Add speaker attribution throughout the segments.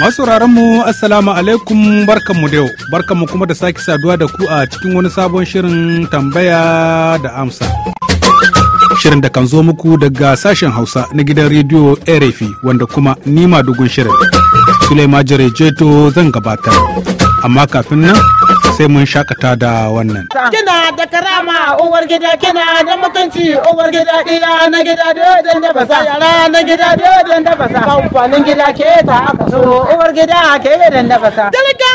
Speaker 1: Masauraran mu Assalamu alaikum barkanmu da yau, barkanmu kuma da sake saduwa da ku a cikin wani sabon shirin tambaya da amsa. Shirin da kan zo muku daga sashen Hausa na gidan rediyo RFI wanda kuma nima dugun shirin. Sulaima Jere Jeto zan gabatar. amma kafin nan sai mun shakata da wannan.
Speaker 2: Kina da karama uwar gida kina da mutunci uwar gida iya na
Speaker 3: gida dodon da basa yara na gida dodon da basa. Kamfanin gida ke ta aka so uwar gida ke da basa. Dalga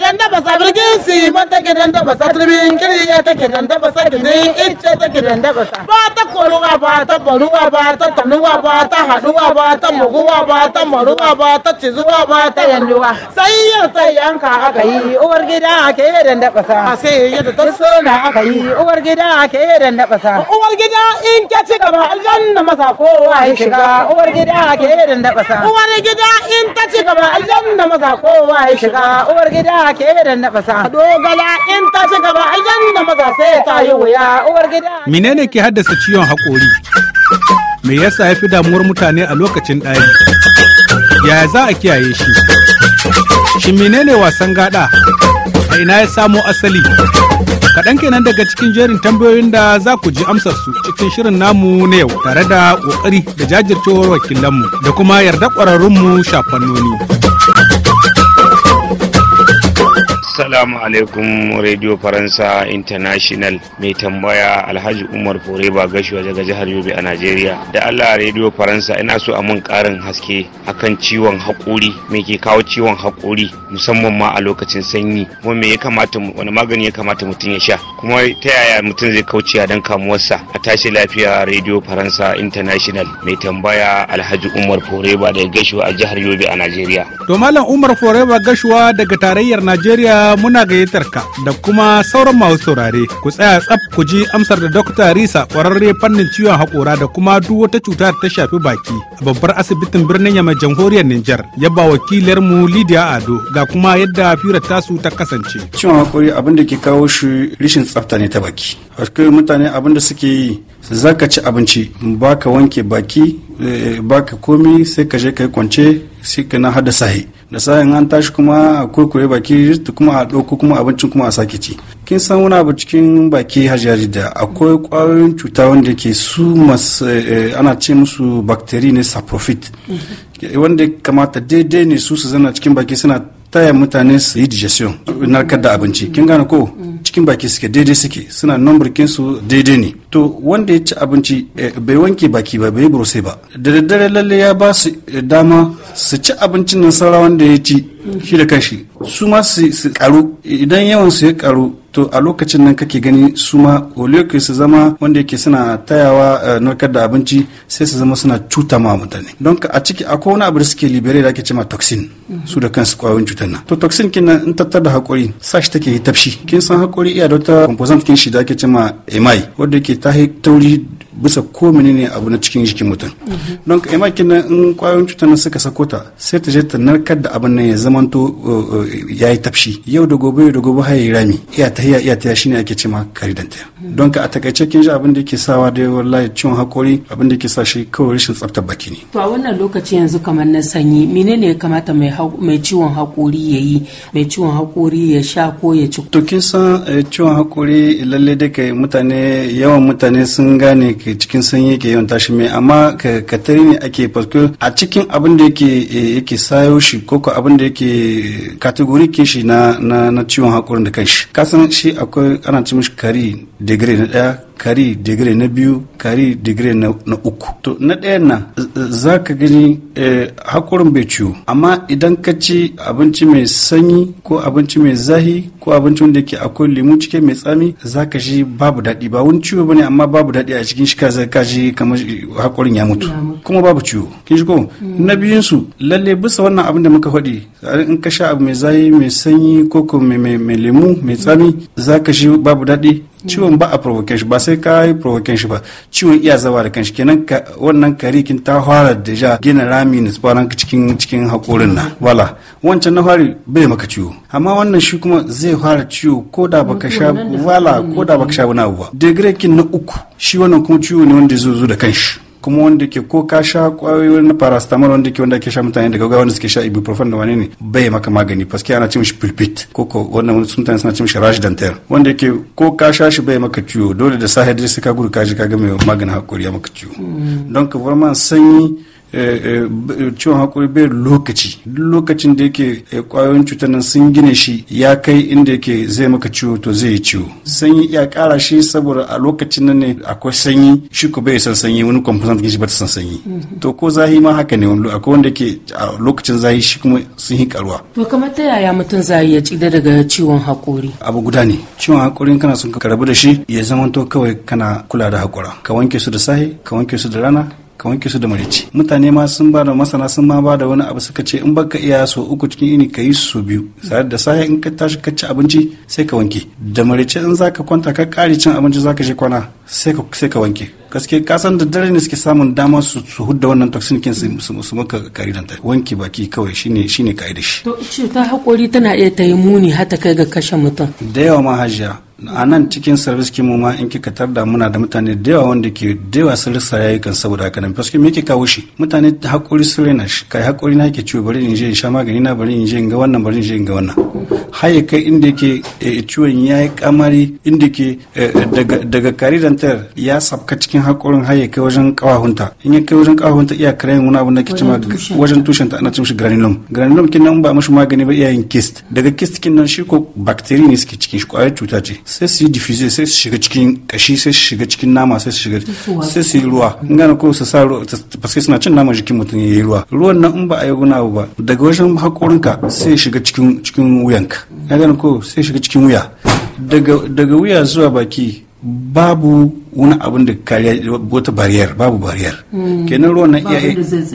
Speaker 3: take dan dabasa birgin siman take dan dabasa turbin kiriya take dan dabasa gindin icce take dan dabasa ba
Speaker 2: ta koruwa ba ta baruwa ba ta tanuwa ba ta haduwa ba ta muguwa ba ta maruwa
Speaker 3: ba ta cizuwa ba ta yanjuwa sai yau sai yanka aka yi uwar gida ake yi dan dabasa a sai yadda ta sona aka yi uwar gida ake yi dan dabasa uwar gida in ke ci gaba aljanna masa kowa ya shiga uwar gida ake yi dan dabasa uwar gida in ta ci gaba aljanna masa kowa ya shiga uwar gida ke da na Dogala in ta ci gaba maza sai ta yi wuya uwar gida.
Speaker 1: Menene ke haddasa ciwon hakori? Me yasa ya fi damuwar mutane a lokacin ɗari? Yaya za a kiyaye shi? Shin menene wasan gaɗa? A ina ya samo asali? Kaɗan kenan daga cikin jerin tambayoyin da za ku ji amsar su cikin shirin namu na yau tare da ƙoƙari da jajircewar wakilanmu da kuma yarda ƙwararrunmu shafannoni.
Speaker 4: Assalamu alaikum Radio Faransa International mai tambaya Alhaji Umar Foreba waje daga jihar Yobe a Najeriya. Da Allah Radio Faransa ina so a mun karin haske akan ciwon haƙori me ke kawo ciwon hakuri musamman ma a lokacin sanyi kuma me ya kamata wani magani ya kamata mutum ya sha kuma ta yaya mutum zai kauce a dan kamuwarsa a tashi lafiya Radio Faransa International mai tambaya Alhaji Umar Foreba da Gashuwa a jihar
Speaker 3: Yobe a Najeriya.
Speaker 1: To Malam Umar Foreba Gashuwa daga tarayyar Najeriya muna gayyatar ka da kuma sauran masu saurare ku tsaya tsaf ku ji amsar da dokta Risa kwararre fannin ciwon haƙora da kuma duk wata cuta da ta shafi baki a babbar asibitin birnin Yamma jamhuriyar Nijar ya ba wakilar mu lidiya Ado ga kuma yadda firar tasu ta kasance.
Speaker 4: Ciwon haƙori abin da ke kawo shi rishin tsafta ne ta baki. Haske mutane abin da suke yi zaka ci abinci baka wanke baki eh, baka komi sai ka je ka yi kwance sai ka na hada sahi. da sa'in an tashi kuma a kurkure baki kuma a ɗauko kuma abincin kuma a sake ci kin san wani abu cikin baki hajjari da akwai ƙwayoyin cuta wanda ke su masu eh, eh, ana ce musu bakteri ne saprofit mm-hmm. wanda kamata daidai ne su su zana cikin baki suna taya mutane su yi digestion narkar da abinci kin gane ko cikin baki suke daidai suke suna nan burkin su daidai ne to wanda ya ci abinci eh, bai wanke baki ba bai burose ba da daddare lalle ya ba su eh, dama su ci abincin nan saura wanda ya ci shi da kanshi su ma su karu idan yawan su ya karu to a lokacin nan kake gani su ma olioke su zama wanda yake suna tayawa eh, narkar da abinci sai su zama suna cuta ma mutane don a ciki a wani abu da suke libere da ake cema toxin su da kansu kwayoyin cutar nan to toxin kin nan in tattar da hakori sashi take yi tafshi kin san hakori iya da wata composant kin shi da ake cema amai wanda yake ta tauri bisa ko ne abu na cikin jikin mutum don ka ima kina in kwayoyin cutar nan suka sako ta sai ta je ta narkar da abin nan ya zamanto uh, uh, ya yi tafshi yau da gobe yau da gobe har yi rami iya ta iya iya ta shine ake cema karidanta don ka a takaice kin ji abin da yake sawa da wallahi ciwon hakori abin da yake sa shi kawai rashin tsaftar baki ne
Speaker 3: to a wannan lokaci yanzu kamar na sanyi menene ya kamata mai ciwon hakori ya yi mai ciwon hakori ya sha ko ya ci
Speaker 4: to kin san eh, ciwon hakori lalle dai kai mutane yawan mutane sun gane ke ke cikin sanyi ke yawan tashi mai amma ka tare ne ake farko a cikin abin da yake yake sayo shi ko ko abin da yake kategori ke shi na na ciwon hakurin da kanshi kasan shi akwai ana ci mishi kari degree na daya kari digiri na biyu kari digiri na uku to na ɗaya na. za ka gani eh, hakurin bai ciwo amma idan ka ci abinci mai sanyi ko abinci mai zahi ko abinci wanda ke akwai lemu cike mai tsami za ka shi babu daɗi ba wani ciwo bane amma babu daɗi a cikin shi ka ka shi kamar hakurin ya mutu kuma babu ciwo kin shi ko mm. na biyun su lalle bisa wannan abin da muka faɗi in ka sha abu mai zahi mai sanyi ko ko mai lemu mai tsami za ka shi babu daɗi ciwon ba a provoke shi ba sai ka yi provoke shi ba ciwon iya zawa da kanshi kenan wannan karikin ta fara da ja gina rami na tsaron cikin cikin hakorin na wala wancan na fari bai maka ciwo amma wannan shi kuma zai fara ciwo ko da baka sha wala ko da baka sha wani abu ba na uku shi wannan kuma ciwo ne wanda zai zo da kanshi kuma wanda ke ko ka sha kwayoyin paracetamol wanda ke wanda ke sha mutane daga wanda suke sha ibuprofen da wani ne bai maka magani paske ana cin shi pulpit ko ko wannan wani sun suna cin shi rash dantel wanda ke ko ka sha shi bai maka ciwo dole da sahe dai sai ka gudu ka ji ka ga mai maganin hakuri ya maka ciwo hmm. don ka sanyi Eh, eh, eh, ciwon hakuri bai lokaci lokacin da yake kwayoyin cutar nan sun gina shi ya kai inda yake zai maka ciwo to zai ciwo sanyi ya kara shi saboda a lokacin nan ne akwai sanyi shi ko bai san sanyi wani kwamfusan shi ba ta san sanyi mm-hmm. to ko zahi ma haka ne wani akwai wanda ke a lokacin zahi shi kuma sun yi karuwa
Speaker 3: to kamar ta yaya mutum zai ya ci daga ciwon hakori.
Speaker 4: abu guda ne ciwon hakurin kana son ka rabu da shi ya zama to kawai kana kula da hakura ka wanke su da sahi ka wanke su da rana ka wanke su da marici mutane ma sun ba da masana sun ma ba da wani abu suka ce in baka iya so uku cikin ini ka yi su biyu sai da sahi in ka tashi ka ci abinci sai ka wanke da marici in zaka kwanta ka kare cin abinci zaka je kwana sai sai ka wanke gaske kasan da dare ne suke samun dama su su hudda wannan toxin kin su su maka ka'idan ta wanki baki kawai shine shine ka'idar shi
Speaker 3: to ta hakori tana iya ta yi muni har ta kai ga kashe mutum
Speaker 4: da yawa ma hajiya a nan cikin service mu ma in kika tar tarda muna da mutane da yawa wanda ke da yawa sun rasa yayi kan saboda haka nan paske me yake kawo shi mutane hakuri sun rena shi kai hakuri na yake ciwo bari in je in sha magani na bari in je in ga wannan bari in je in ga wannan har kai inda ke eh, ciwon ya yi kamari inda ke eh, eh, daga karidantar ya sabka cikin hakorin har kai wajen kawahunta in ya kai wajen kawahunta iya karayin wani abu na ke cima wajen ta ana cimshi shi granulum granulum kin nan ba mashi magani ba iyayen kist daga kist kin nan shi ko bacteria ne suke cikin shi ƙwayar cuta ce sai su yi diffuse sai su shiga cikin kashi sai su shiga cikin nama sai su shiga sai su yi ruwa in gane ko su sa ruwa paske suna cin nama jikin mutum ya yi ruwa ruwan nan in ba a yi wani abu ba daga wajen hakorinka sai shiga cikin cikin wuyanka ya gane ko sai shiga cikin wuya daga wuya zuwa baki babu wani abin da kariya wata bariyar babu bariyar kenan ruwan na iya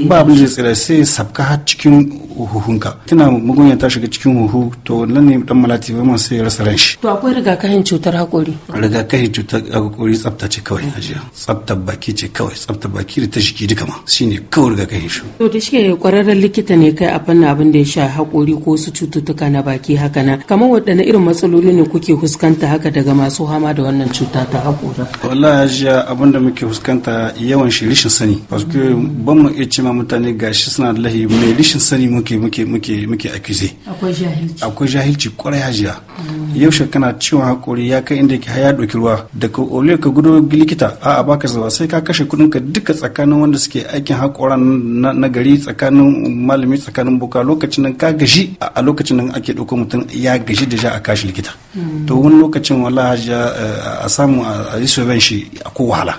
Speaker 4: ba abin da tsira sai sabka har cikin huhunka tana mugunya ta shiga cikin huhu to nan ne dan malati ba man sai rasa ran shi
Speaker 3: to akwai rigakafin cutar hakori
Speaker 4: rigakafin cutar hakori tsafta ce kawai ajiya tsafta baki ce kawai tsafta baki da ta shiki duka ma shine kawai rigakafin shi
Speaker 3: to da shike kwararren likita ne kai a fannin abin da ya sha hakori ko su cututtuka na baki haka na kamar waɗanne irin matsaloli ne kuke fuskanta haka daga masu hama da wannan cuta ta hakora
Speaker 4: na ajiya abin da muke fuskanta yawan shi rishin sani paske ban mu iya cewa mutane ga shi suna da lahi mai rishin sani muke muke muke muke akwai jahilci akwai jahilci kwarai hajiya yau kana ciwon hakori ya kai inda ke haya doki ruwa da ka ole ka gudu likita a a baka zuwa sai ka kashe kudin ka duka tsakanin wanda suke aikin hakoran na gari tsakanin malami tsakanin buka lokacin nan ka gashi a lokacin nan ake dauko mutum ya gashi da ja a kashi likita Mm. to wani lokacin wala eh, a samu a yi soben shi a ko wahala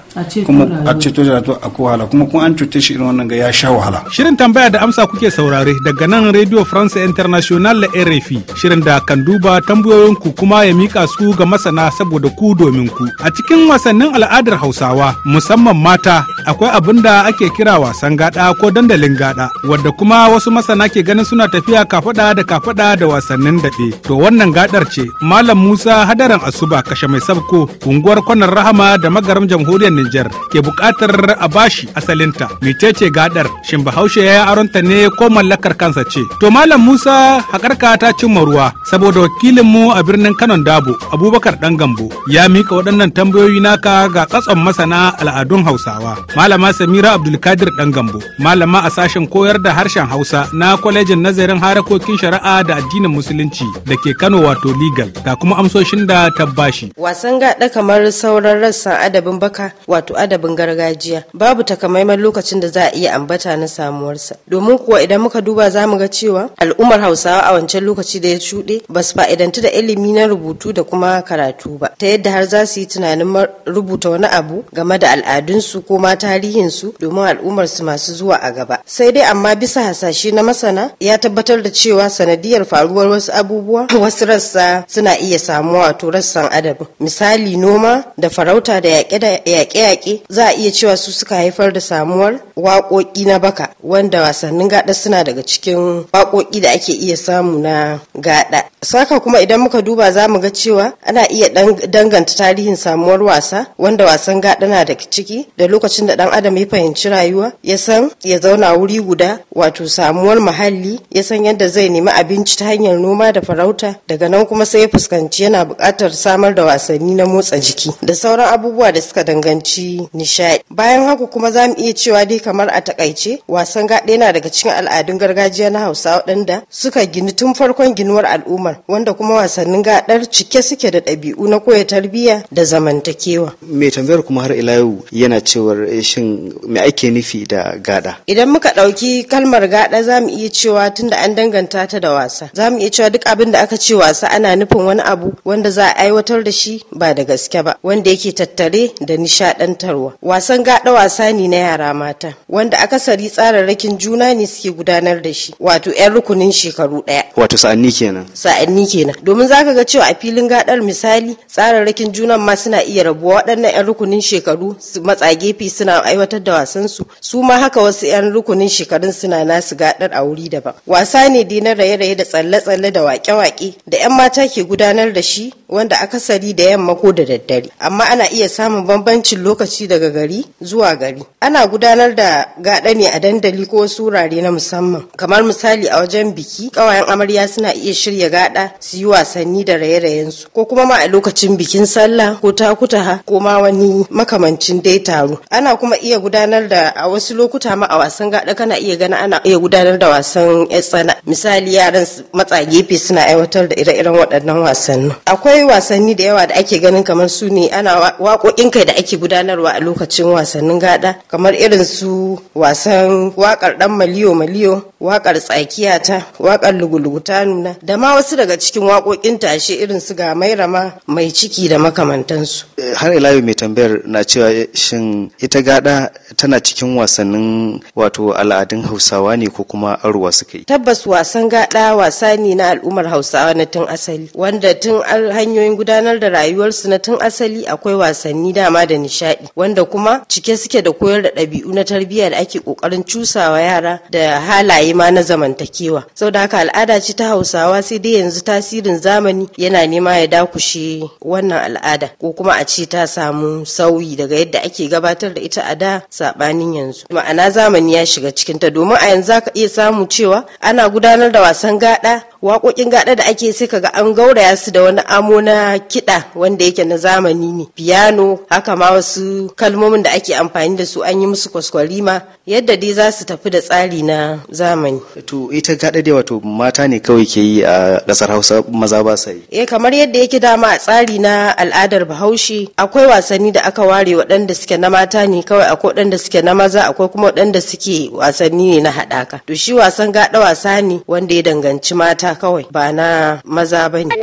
Speaker 4: kuma a ceto da to a ko wahala kuma kun an cuce shi irin wannan ga ya sha wahala shirin tambaya da amsa kuke saurare
Speaker 1: daga nan radio france international la rfi shirin da kan duba tambayoyin ku kuma ya mika su ga masana saboda ku domin ku a cikin wasannin al'adar hausawa musamman mata akwai abin da ake kira wasan gada ko dandalin gada wadda kuma wasu masana ke ganin suna tafiya kafada da kafada da wasannin daɗe to wannan gadar ce malam Malam Musa hadaran Asuba kashe mai sabko unguwar kwanan rahama da magaram jamhuriyar Nijar ke bukatar a bashi asalinta. Mecece gadar shin Bahaushe ya aronta ne ko mallakar kansa ce. To Malam Musa hakarka ta cimma ruwa saboda wakilin mu a birnin kanon Dabo Abubakar Dan Gambo ya mika waɗannan tambayoyi naka ga tsatson masana al'adun Hausawa. Malama Samira Abdulkadir Dan Gambo, malama a sashen koyar da harshen Hausa na kwalejin nazarin harakokin shari'a da addinin musulunci da ke Kano wato legal. Ta kuma amsoshin da ta bashi.
Speaker 5: Wasan gaɗa kamar sauran rassan adabin baka wato adabin gargajiya babu takamaiman lokacin da za a iya ambata na samuwarsa. Domin kuwa idan muka duba za mu ga cewa al'ummar Hausawa a wancan lokaci da ya shuɗe ba su fa'idantu da ilimi na rubutu da kuma karatu ba. Ta yadda har za su yi tunanin rubuta wani abu game da al'adunsu ko ma tarihinsu domin al'ummarsu masu zuwa a gaba. Sai dai amma bisa hasashe na masana ya tabbatar da cewa sanadiyar faruwar wasu abubuwa wasu rassa suna iya iya samuwa wato rassan adabi misali noma da farauta da yaƙe-yaƙe za a iya cewa su suka haifar da samuwar waƙoƙi na baka wanda wasannin gaɗa suna daga cikin waƙoƙi da ake iya samu na gaɗa saka kuma idan muka duba za mu ga cewa ana iya danganta tarihin samuwar wasa wanda wasan gaɗa na da ciki da lokacin da ɗan adam ya fahimci rayuwa ya san ya zauna wuri guda wato samuwar muhalli ya san yadda zai nemi abinci ta hanyar noma da farauta daga nan kuma sai ya fuskanci yana buƙatar samar da wasanni na motsa jiki da sauran abubuwa da suka danganci nishaɗi bayan haka kuma za mu iya cewa dai kamar a takaice wasan gaɗa yana daga cikin al'adun gargajiya na hausa waɗanda suka gini tun farkon ginuwar al'ummar wanda kuma wasannin gaɗar cike suke da ɗabi'u na koya tarbiyya da zamantakewa. Mai tambayar kuma har ila yau yana cewar eh, shin me ake nufi da gada? Idan muka ɗauki kalmar gada za mu iya cewa tunda an danganta ta da wasa. Za mu iya cewa duk abin da aka ce wasa ana nufin wani abu wanda za a aiwatar da shi ba da gaske ba wanda yake tattare da nishaɗantarwa. Wasan gada wasa ne na yara mata wanda akasari tsararrakin juna ne suke gudanar da shi wato 'yan rukunin shekaru ɗaya. Wato sa'anni kenan. sa'anni kenan domin zaka ga cewa a filin gadar misali tsararrakin junan ma suna iya rabuwa waɗannan 'yan rukunin shekaru matsa gefe suna aiwatar da wasan su su ma haka wasu 'yan rukunin shekarun suna nasu gadar a wuri daban wasa ne dai na raye-raye da tsalle-tsalle da waƙe wake da 'yan mata ke gudanar da shi wanda akasari da yamma ko da daddare amma ana iya samun bambancin lokaci daga gari zuwa gari ana gudanar da gaɗa ne a dandali ko wasu wurare na musamman kamar misali a wajen biki ƙawayen amarya suna iya shirya gaɗa yaɗa su yi wasanni da raye-rayen su ko kuma ma a lokacin bikin sallah ko takuta ko ma wani makamancin dai taro ana kuma iya gudanar da a wasu lokuta ma a wasan gaɗa kana iya gana ana iya gudanar da wasan tsana misali yaran matsa gefe suna aiwatar da ire-iren waɗannan wasanni akwai wasanni da yawa da ake ganin kamar su ne ana waƙoƙin kai da ake gudanarwa a lokacin wasannin gada kamar irin su wasan waƙar ɗan maliyo maliyo waƙar tsakiya ta waƙar lugulugu ta nuna da ma wasu daga cikin waƙoƙin tashe irin su ga mairama mai ciki da makamantansu. Eh, har ila yau mai tambayar na cewa eh, shin ita gada tana cikin wasannin wato al'adun Hausawa ne ko kuma aruwa suka yi. Tabbas wasan gada wasa ne na al'ummar Hausawa na tun asali wanda tun hanyoyin gudanar da rayuwarsu na tun asali akwai wasanni dama da nishaɗi wanda kuma cike suke da koyar da ɗabi'u na tarbiyya da ake ƙoƙarin cusawa yara da halaye ma na zamantakewa. da haka al'ada ce ta Hausawa sai dai yanzu tasirin zamani yana nema ya dakushe wannan al'ada ko kuma a ce ta samu sauyi daga yadda ake gabatar da ita a da sabanin yanzu ma'ana zamani ya shiga cikin ta domin a yanzu ka iya samu cewa ana gudanar da wasan gada waƙoƙin gada da ake sai kaga an gauraya su da wani amo na kiɗa wanda yake na zamani ne piano haka ma wasu kalmomin da ake amfani da su an yi musu kwaskwari ma yadda dai za su tafi da tsari na zamani to ita gada dai wato mata ne kawai ke yi a kasar hausa maza ba sa yi eh kamar yadda yake dama a tsari na al'adar bahaushe akwai wasanni da aka ware waɗanda suke na mata ne kawai akwai waɗanda suke na maza akwai kuma waɗanda suke wasanni ne na haɗaka to shi wasan gaɗa wasa ne wanda ya danganci mata kawai ba na maza ba ne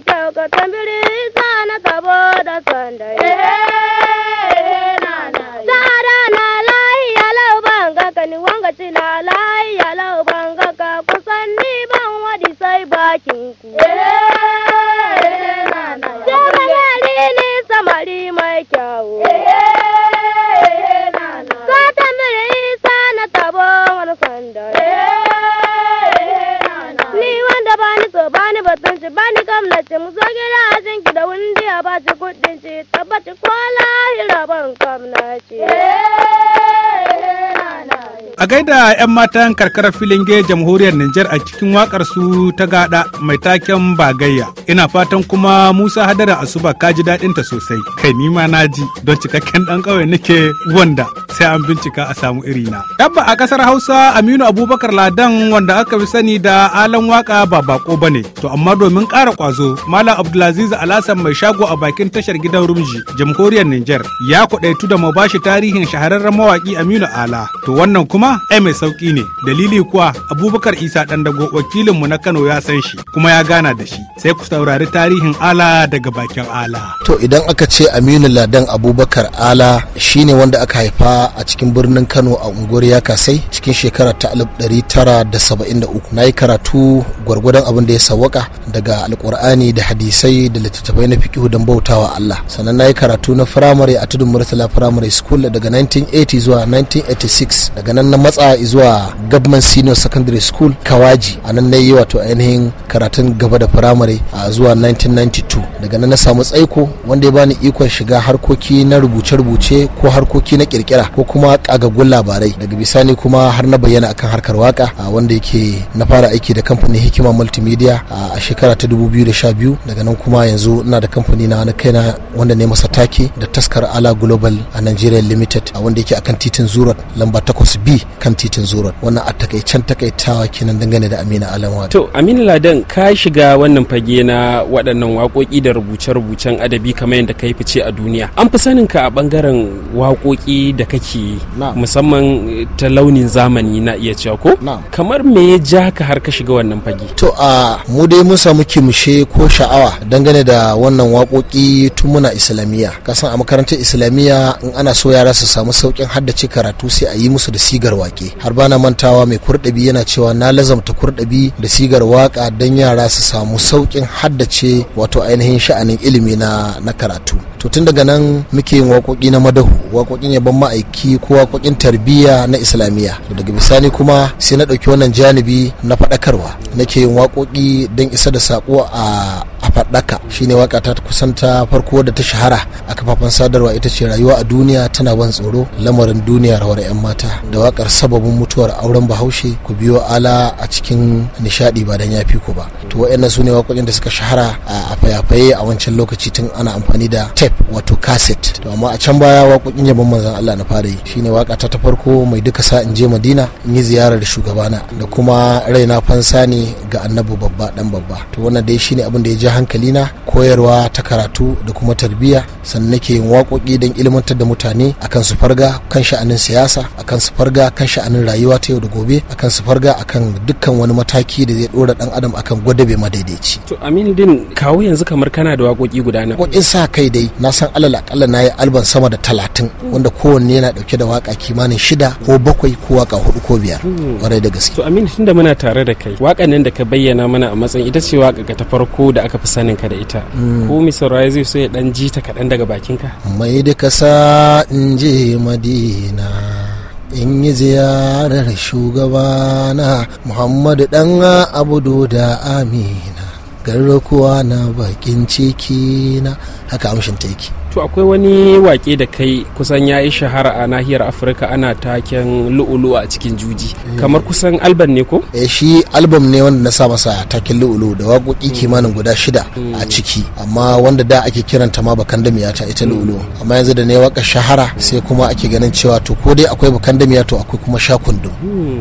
Speaker 3: ka tambiri Diamond died. Uh,
Speaker 1: A gaida 'yan matan karkarar filinge jamhuriyar Nijar a cikin wakar su ta gada mai taken bagayya. Ina fatan kuma Musa hadara Asuba ka ji daɗin ta sosai. Kai ni ma na ji don cikakken ɗan ƙauye nake wanda sai an bincika a samu irina. Dabba a ƙasar Hausa Aminu Abubakar Ladan wanda aka fi sani da alan waka ba bako bane. To amma domin ƙara ƙwazo Malam Abdulaziz Alasan mai shago a bakin tashar gidan Rumji jamhuriyar Nijar ya kwaɗaitu da mu bashi tarihin shahararren mawaƙi Aminu Ala. To wannan kuma ai mai sauki ne dalili kuwa abubakar isa dago wakilinmu na kano ya san shi kuma ya gana da shi sai ku saurari tarihin ala daga bakin ala
Speaker 2: to idan aka ce aminu ladan abubakar ala shine wanda aka haifa a cikin birnin kano a unguwar ya kasai cikin shekara ta tara 1973 na yi karatu gwargwadon abin da ya sawaka daga alkur'ani da hadisai da littattafai na fikihu don bautawa allah sannan na yi karatu na firamare a tudun murtala firamare school daga 1980 zuwa 1986 daga nan na matsa zuwa Gabman Senior Secondary School Kawaji a nan na yi wato ainihin karatun gaba da firamare a zuwa 1992 daga nan na samu tsaiko wanda ya bani ikon shiga harkoki na rubuce-rubuce ko harkoki na kirkira ko kuma kagaggun labarai daga bisani kuma har na bayyana akan harkar waka a wanda yake na fara aiki da kamfanin Hikima Multimedia a shekara ta 2012 daga nan kuma yanzu ina da kamfani na wani kaina wanda ne masa take da taskar Ala Global a Nigeria Limited a wanda yake akan titin Zurat lamba 8B kan titin zuron wannan a takaicen takaitawa kenan dangane da amina alamwa to amina ladan ka shiga wannan fage na waɗannan waƙoƙi da rubuce-rubucen adabi kamar yadda ka yi fice a duniya an fi sanin ka a ɓangaren waƙoƙi da kake musamman eh, ta launin zamani na iya cewa ko kamar me ya ja ka har ka shiga wannan fage to a mu dai mun samu kimshe ko sha'awa dangane da wannan waƙoƙi tun muna islamiyya ka san a makarantar islamiyya in ana so yara su samu sauƙin haddace karatu sai a yi musu da sigar wake har bana mantawa mai kurɗabi yana cewa na lazamta kurɗabi da sigar waka don yara su samu sauƙin haddace wato ainihin sha'anin ilimi na na karatu to tun daga nan muke yin waƙoƙi na madahu waƙoƙin yaban ma'aiki ko waƙoƙin tarbiyya na islamiyya to daga bisani kuma sai na ɗauki wannan janibi na faɗakarwa nake yin waƙoƙi don isa da saƙo a faɗaka shine waka ta kusan ta farko da ta shahara a kafafen sadarwa ita ce rayuwa a duniya tana ban tsoro lamarin duniya rawar 'yan mata da wakar sababin mutuwar auren bahaushe ku biyo ala a cikin nishadi ba dan yafi ku ba to wayannan su ne wakokin da suka shahara a fayafaye a wancan lokaci tun ana amfani da tape wato cassette to amma a can baya wakokin yabon manzon Allah na fara yi shine waka ta ta farko mai duka sa in je Madina in yi ziyarar shugabana da kuma raina fansa ne ga annabi babba dan babba to wannan dai shine abin da ya ji hankalina koyarwa ta karatu da kuma tarbiyya sannan nake yin waƙoƙi don ilmantar da mutane akan su farga kan sha'anin siyasa akan su farga kan sha'anin rayuwa ta yau da gobe akan su farga akan dukkan wani mataki da zai ɗora dan adam akan gwadabe madaidaici. to amin din kawo yanzu kamar kana da waƙoƙi guda na. waƙoƙin sa kai dai na san alal akalla na yi alban sama da talatin wanda kowanne yana dauke da waƙa kimanin shida ko bakwai ko waƙa hudu ko biyar. Hmm. ƙwarai da gaske. to amin tunda muna tare da kai waƙannan nan da ka bayyana mana a matsayin ita ce waƙa ta farko da aka fi sanin ka da ita mm. ko mi zai so ya dan ji ta kaɗan daga bakinka mai da kasa in je madina in yi ziyarar shugabana muhammadu dan abudu da amina kuwa na bakin ciki na haka amshin teki to akwai wani wake da kai kusan ya yi shahara a nahiyar afirka ana taken lu'ulu a cikin juji eh. kamar kusan alban ne ko eh shi album ne wanda na sa masa taken lu'ulu da waƙoƙi hmm. kimanin guda shida a hmm. ciki amma wanda da ake kiranta ma bakandamiya ta ita hmm. lu'ulu amma yanzu da ne waka shahara sai kuma ake ganin cewa to ko dai akwai bakandamiya to akwai kuma shakundu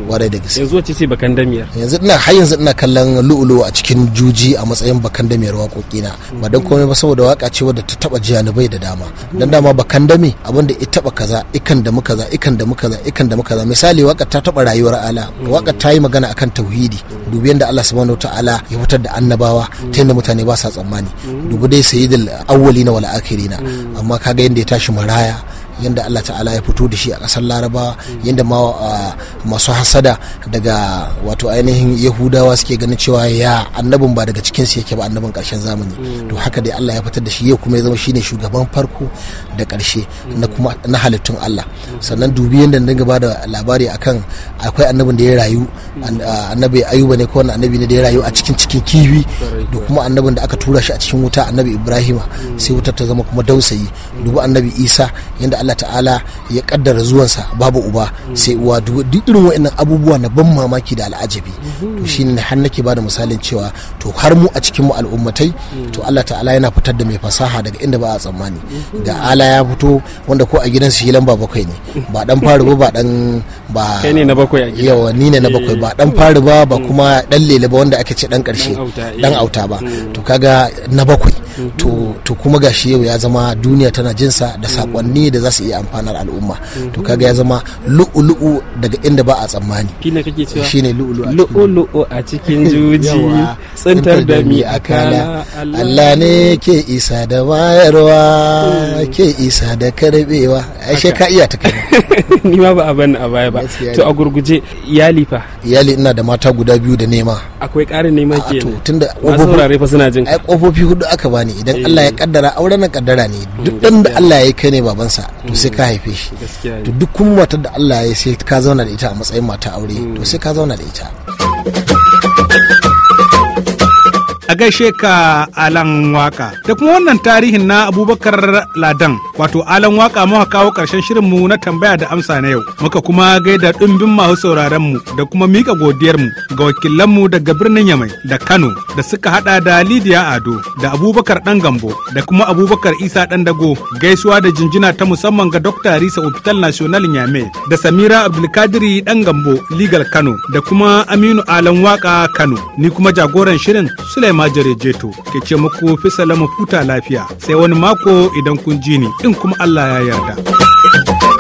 Speaker 2: warai da gaske yanzu wace ce bakandamiyar yanzu ina har yanzu ina kallon lu'ulu a cikin juji a matsayin bakandamiyar waƙoƙi na ba don komai ba saboda waka ce wadda ta taba jiyani bai da dama dan dama ba kan dame abin da ita taba kaza ikan da muka za ikan da muka za ikan da muka za misali waka ta taba rayuwar ala waka ta yi magana akan tauhidi dubi yanda Allah subhanahu wataala ya fitar da annabawa ta yanda mutane ba sa tsammani dubi dai sayyidul awwalina wal akhirina amma kaga yanda ya tashi maraya yadda Allah ta'ala ya fito da shi a ƙasar laraba yadda ma masu hasada daga wato ainihin yahudawa suke ganin cewa ya annabin ba daga cikinsu yake ba annabin ƙarshen zamani to haka dai Allah ya fitar da shi yau kuma ya zama shine shugaban farko da ƙarshe na kuma na halittun Allah sannan dubi yadda na gaba da labari akan akwai annabin da ya rayu annabi ayuba ne ko wani annabi ne da ya rayu a cikin cikin kiwi da kuma annabin da aka tura shi a cikin wuta annabi ibrahima sai wutar ta zama kuma dausayi dubi annabi isa yadda Allah ta'ala ya kaddara zuwansa babu uba sai uwa duk irin wa'annan abubuwa na ban mamaki da al'ajabi to mhm. shine har nake bada misalin cewa to har mu a cikin mu al'ummatai mhm. to Allah ta'ala yana fitar da mai fasaha daga inda ba a tsammani mhm. ga ala ya fito wanda ko a gidan su hilan ba bakwai ne ba dan fari ba dan ba kai ne na bakwai a gidan yawa ni ne na eh. bakwai ba dan fari ba ba mm. kuma dan lele ba wanda ake ce dan karshe dan auta eh. ba mm. to kaga na bakwai mm-hmm. to to kuma gashi yau ya zama duniya tana jinsa da sakonni da za su iya amfanar al'umma to kaga ya zama lu'ulu'u daga inda ba a tsammani shine
Speaker 4: kake
Speaker 2: lu'ulu'u a cikin juji tsintar da mi kana Allah ne ke isa da wayarwa hmm. ke isa da karbewa ashe ka iya ta kai ni ma ba a bani a baya ba to a gurguje iyali fa iyali ina da mata guda biyu da nema akwai ƙarin nema ke ah, to tunda kofofi fa suna jin ai kofofi hudu aka bani idan eh. Allah ya kaddara aure na kaddara ne duk dan hmm, da Allah ya kai ne babansa to sai ka hmm, haife shi to duk kuma matar da Allah ya sai ka zauna da ita a matsayin mata aure to hmm. sai ka zauna da ita a gaishe ka alan waka da kuma wannan tarihin na
Speaker 1: abubakar ladan wato alan waka muka kawo karshen shirinmu na tambaya da amsa na yau muka kuma gaida ɗumbin masu sauraron mu da kuma miƙa godiyarmu ga wakilanmu daga birnin yamai da kano da suka hada da lidiya ado da abubakar dan gambo da kuma abubakar isa dan dago gaisuwa da jinjina ta musamman ga dokta risa hospital national nyame da samira abdulkadiri dan gambo legal kano da kuma aminu alan waka kano ni kuma jagoran shirin suleiman almajiri jeto ke ce muku fi salama huta lafiya sai wani mako idan kun ji ni in kuma Allah ya yarda.